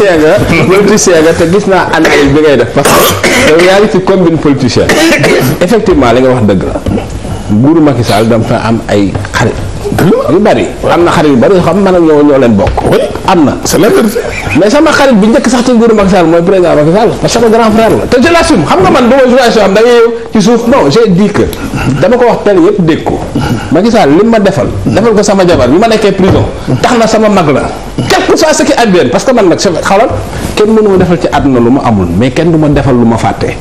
politicien nga politicien nga te gis naa analyse bi ngay def parce que yaa ngi ci combine politicien effectivement li nga wax dëgg la nguuru Macky Sall dafa am ay xarit. yu bari am na xarit yu bari yoo xam man ak ñoo ma journaliste am da ngay ma defal. defal ko sama jabar bi ma nekkee prison. tax na sama mag la. quelque soit ce qui advienne parce que man nag xalal kenn mënu ma defal ci àdduna lu ma amul mais kenn du ma defal lu ma fàtte.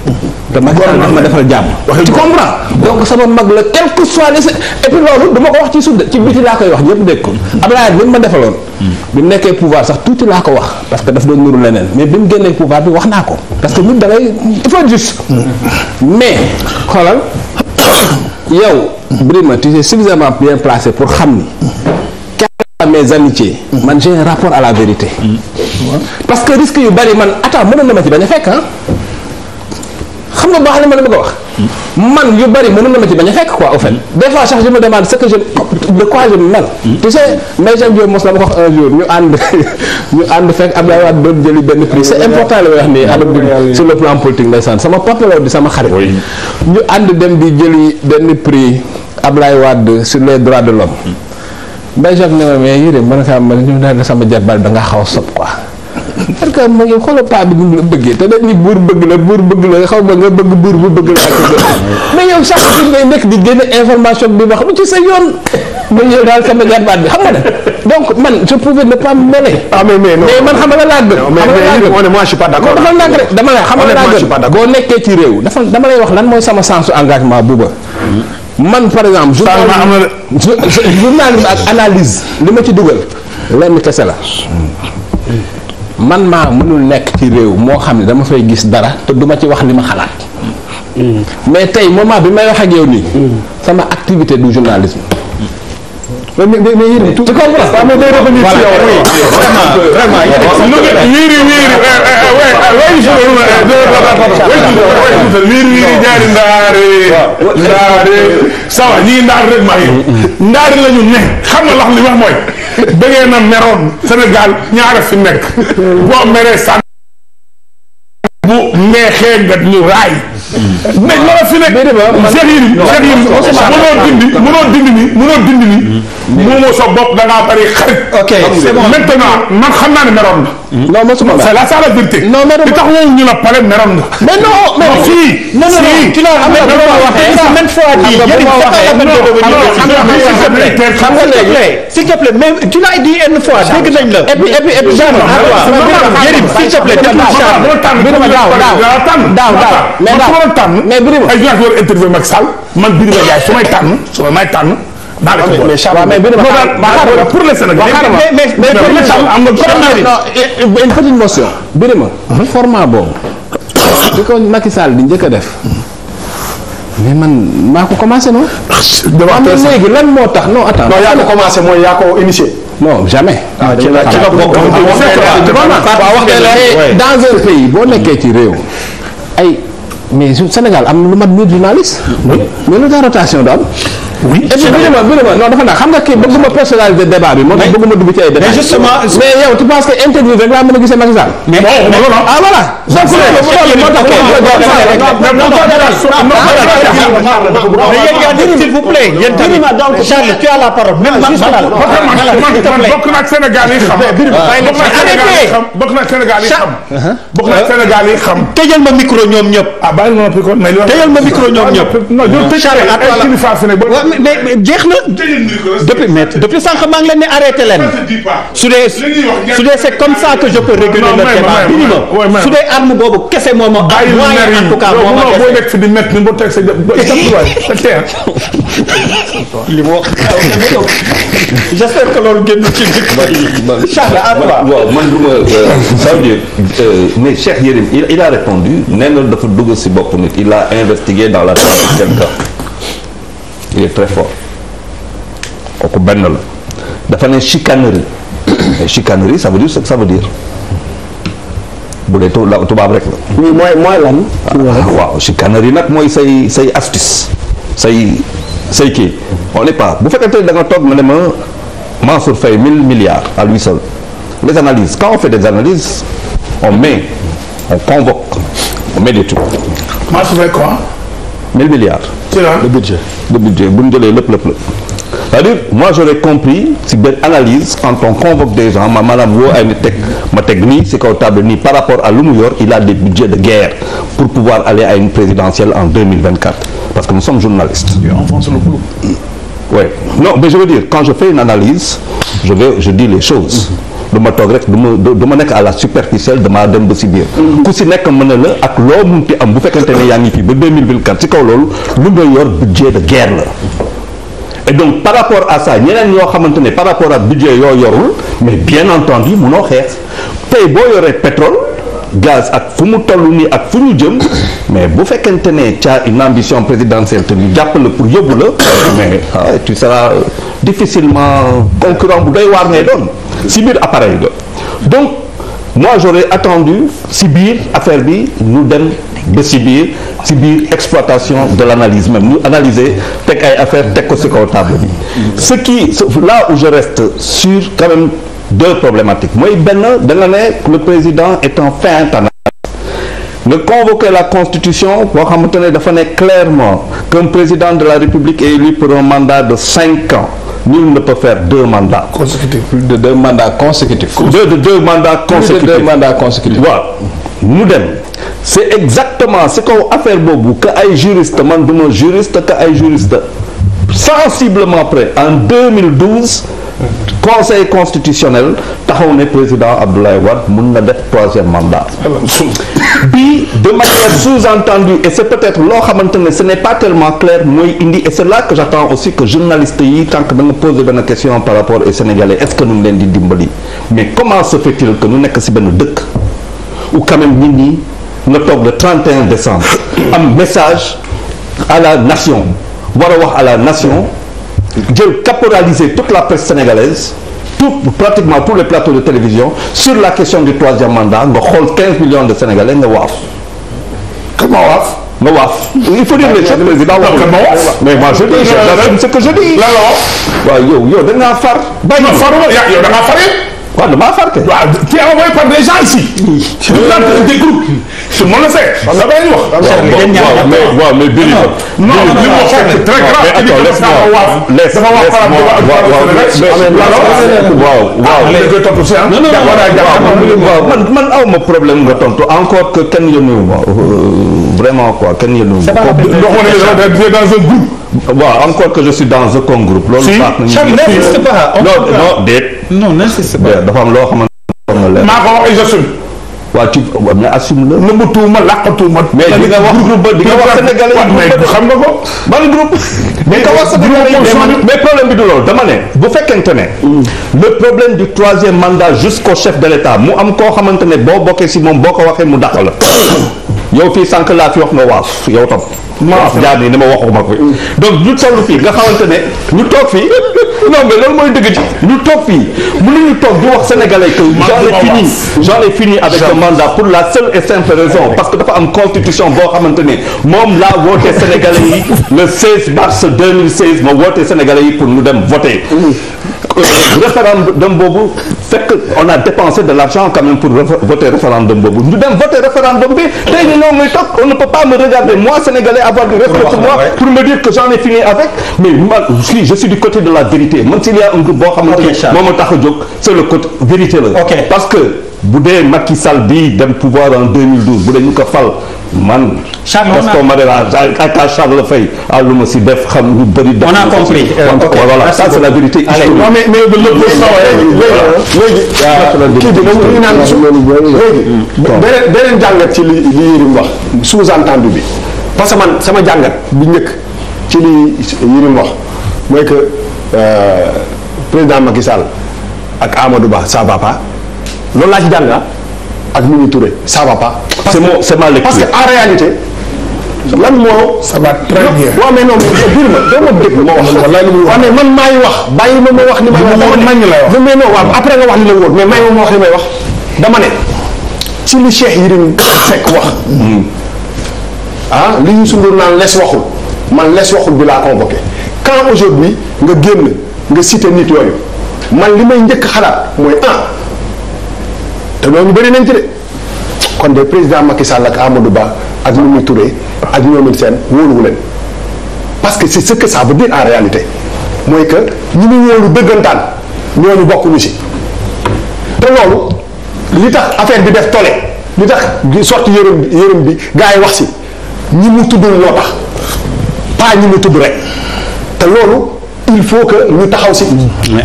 te Macky Sall ma defal jàmm. tu comprends donc sama mag la quel que soit les et puis loolu du ko wax ci suuf de ci biti laa koy wax ñëpp dégg ko. Abdoulaye li mu ma defaloon. bi mu nekkee pouvoir sax tuuti laa ko wax parce que daf doon nuru leneen mais bi mu génnee pouvoir bi wax naa ko. parce que nit da ngay dafa juste. mais xoolal yow. Birima tu es suffisamment bien placé pour xam ni. mes amitiés man j'ai rapport à la vérité. Mm. parce que risque yu bari man attaque mënoon na ma ci bañ a fekk xam nga baax na ma li ma wax. man yu bari mënu a fekk quoi au fait. des fois sax je me demande ce que je de quoi je mel. tu benn prix c' est important li may dem di jëli benn prix Abdoulaye Wade sur les droits de l'homme homme. Mbaye Jean ne ma mais a mën na kaa mën ñu ne sama jarbal da xaw sob quoi. parce que mu ngi xoolal paa bi mu la bëggee te dañ buur bëgg la buur bëgg la xaw ma nga bëgg buur bu bëgg la ak mais yow chaque jour ngay nekk di génne information bi wax lu ci sa yoon ba yow daal sama jarbaat bi xam ne donc man je pouvais ne pas mêler. ah mais xam nga laa gën. xam nga laa gën moi je suis pas d'accord. dafa nang rek dama lay xam nga laa gën boo nekkee ci réew dafa dama lay wax lan mooy sama sensu engagement buuba. man par exemple. journalisme ak analyse li ma ci dugal lenn kese la. man maa mënul nekk ci réew moo xam ne dama fay gis dara te duma ci wax li ma xalaat. mais tey moment bi may wax ak yow nii. sama activité du journalisme. mais mais mais yéen tu sawa ñi ndaar rek ma yi ndaar lañu ne xam nga lax li wax mooy bëggee na meroon Sénégal ñaara fi nekk boo meree sànni bu neexee nga ñu raay. mais loolu fi nekk. Cheikh Yérim Cheikh Yérim mënoo dindi mënoo dindi ni mënoo dindi ni. moomoo sa bopp da ngaa bari xarit. ok c'est bon maintenant man xam naa ne meroon na. non mosuma la c'est la c'est la vérité. non meroon na li tax woon ñu la pare meroon na. mais non mais fii. non non non ci loolu am na lu ma waxee. xam nga xam nga léegi s'il te plaît mais tu l'as dit une fois dégg nañ la. et puis et puis et puis genre ah waaw Yérim s'il te plaît déglu genre daaw daaw daaw daaw war a tànn. mais Birima ay a interview Macky Sall man Birima Ndiaye su may tànn su may tànn. maa ngi mais pour le Sénégal. mais mais mais format boobu. bi ko Macky Sall di njëkk a def. mais man maa ko commencé noonu. am na léegi lan moo tax non attends. boo nekkee ci réew. mais Sénégal am na lu mat mille journalistes mais lu tax rotation du am oui évidemment non dafa naa xam nga kii bëgguma personnaliser débat bi moo tax bëgguma dugg ci ay débat mais justement mais yow tu penses que interview rek laa mën a gisee Macky Sall mais ah voilà donc loolu moo tax s'il vous plaît yéen tamit Charles tu as la parole même bokk na ak Sénégal yi xam bokk na ak Sénégal yi xam bokk na ak Sénégal yi xam tëjal ma micro ñoom ñëpp ah bàyyi ma micro ñoom ñëpp mais jeex na. depuis mais depuis sànq maa ngi leen di arrêté leen. su dee su dee c'est comme ça que je peux réguler le débat minimum su dee arme boobu kese moom moo. ay moyens en tout cas moom moo booy nekk fi di mettre ni mu teg sa li mu wax j'espère que loolu génn ci dëkk. Charles Abba waaw man du ma euh, ça veut dire euh, mais Cheikh Yérim il a répondu nee na dafa dugg si bopp nit il a investigué dans la tête de quelqu'un il est très fort kooku benn la dafa ne chicanerie et chicanerie ça veut dire ce que ça veut dire bu dee tubaab rek la. oui mooy mooy lan. Ah, ah, waaw chicanerie nag mooy say say astuce say say kii on n'est pas bu fekkente da nga toog nga ne ma Mansour Faye mille milliards à lui seul les analyses quand on fait des analyses on met on convoque on met des trucs. Mansour Faye quoi. mille milliards. budget la budget bu ñu jëlee lépp lépp lépp si benn analyse quand on convoque des gens ma maanaam woo ay nit teg ma teg nii par rapport à lu mu yor il a des budgets de guerre pour pouvoir aller à une parce que nous sommes journalistes. Dieu oui non mais je veux dire quand je fais une analyse je vais je dis du ma toog rek du ma du ma nekk à la superficielle damaa dem ba si biir. ku si nekk mën na la ak loo munti am bu fekkente ne yaa ngi fii ba 2024 si kaw loolu lu nga yor budget de guerre la. et donc par rapport à ça ñeneen yoo xamante ne par rapport ak budget yoo yorul mais bien entendu munoo xeex tey boo yoree pétrole. gaz ak fu mu toll nii ak fu ñu jëm mais bu fekkente ne ca une ambition présidentielle te ñu jàpp la pour yóbbu la mais ah, tu seras euh, difficilement concurrent bu doy si biir appareil ga donc moi j'aurais attendu si biir affaire bi ñu dem ba si biir si biir exploitation de l'analyse même ñu analyser teg ay affaire teg ko si kaw bi mm-hmm. ce qui là où je reste sur quand même deux problématiques mooy benn de nga ne le président est en fin internat nga convoquer la constitution boo xamante ne dafa ne clairement qu'un président de la république est élu pour un mandat de cinq ans nul ne peut faire deux mandats consécutifs plus de deux mandats consécutifs deux de deux mandats consécutifs plus de deux mandats consécutifs waaw mu dem c'est exactement ce que affaire boobu que ay juriste man duma juriste que ay juriste sensiblement près en 2012 conseil constitutionnel taxaw ne président Abdoulaye Wade mun na def troisième mandat bi de manière sous-entendue et c'est peut-être loo xamante ne ce n'est pas tellement clair mooy indi et c'est là que j'attends aussi que journalistes yi tant que da nga poser benn question par rapport aux Sénégalais est-ce que ñu leen di dimbali mais que ñu nekk ci benn dëkk ou quand même nit nga toog le 31 décembre am message à la nation war a wax à la nation jël caporaliser toute la presse sénégalaise tout pratiquement tous les plateaux de télévision sur la question du troisième mandat nga xool millions de sénégalais nga waaf. comment waaf. nga faut dire les choses mais moi je dis c'est euh, ce que je dis. waaw yow yow da ngaa far. bàyyi ma faruma yow far yow. waaw damaa far kay. waaw tu es envoyé par des gens ici. des je me le sais. da ngay wax. waaw mais waaw mais Biri. non li mu wax c'est très grave. mais attends laisse-moi laisse-moi waaw waaw man man aw ma problème nga tontu encore que kenn yónniwu ma vraiment quoi kenn yónniwu ma. dans un groupe. waaw encore que je suis dans un groupe. loolu baax na ñu. non non déet. non dafa am loo xamante ne. maa ko wax waa ci am na assume la. nëbbatuuma làqatuuma. mais di nga wax groupe di nga wax sénégalais yi groupe. mais nga wax sénégalais yi mais problème bi du loolu dama ne. bu fekkente ne. Hmm. le problème du troisième mandat jusqu'au chef de l'État mu am koo xamante ne boo bokkee si moom boo ko waxee mu dàq la. yow fii sànq laa fi wax nga waas yow tam. ma wax jaar ni ma waxuma ko. Hmm. donc ñu toll fii nga xamante ne ñu toog fii. non mais loolu mooy dëgg ci ñu topp mu mënuñu toog di wax sénégalais que j'en ai fini j'en ai fini avec le mandat pour la seule et simple raison parce que dafa am constitution boo xamante ne moom laa woote sénégalais yi le 16 mars 2016 ma woote sénégalais yi pour ñu dem voter référendum boobu fekk on a dépensé de l'argent quand même pour voter référendum boobu ñu dem voter référendum bi tey ñu noonu muy toog on ne peut pas me regarder moi sénégalais avoir du respect pour moi pour me dire que j'en ai fini avec mais man si je suis du côté de la vérité man s'il y a un groupe boo xamante ni moo ma tax a jóg c'est le côté vérité la parce que bu dee Macky Sall bii dem pouvoir en 2012 bu dee ñu ko fal man. Charles Gaston Madela ak Charles Faye ah lu ma si xam a compris voilà ça c'est la vérité. allez non mais mais jàngat ci li sous-entendu bi parce que man sama jàngat bu njëkk ci li euh, président Macky Sall ak Amadou Ba ça va loolu laa ci jàng ah. ak Mimi Touré ça va pas. c'est mon c'est parce que en réalité. lan moo. ça va très bien waaw mais non mais biir ma doo ma déglu ma wax. walaay li muy wax mais man maay wax bàyyi wax. li ma wax man lay wax mais non waaw après nga wax li la wóor mais may ma ma wax li may wax dama ne ci li Cheikh Yérim Seck wax. ah li ñu sundur naan les waxul man les waxul bi laa convoqué quand aujourd'hui nga génn nga site nit yooyu man li may njëkk xalaat mooy ah. te loolu bëri nañ ci de kon de président Macky Sall ak Amadou Ba ak Mimi Touré ak ñoomin seen wóoluwu leen parce que c'est ce que ça veut en réalité mooy que ñu ñu wóolu dëggantaan ñooñu bokkuñu si te loolu li tax affaire bi def tole li tax sorti yërëm yërëm bi gars yi wax si ñi mu tuddul moo tax pas ñi mu tudd rek te loolu il faut que ñu taxaw si. Mm.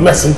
merci.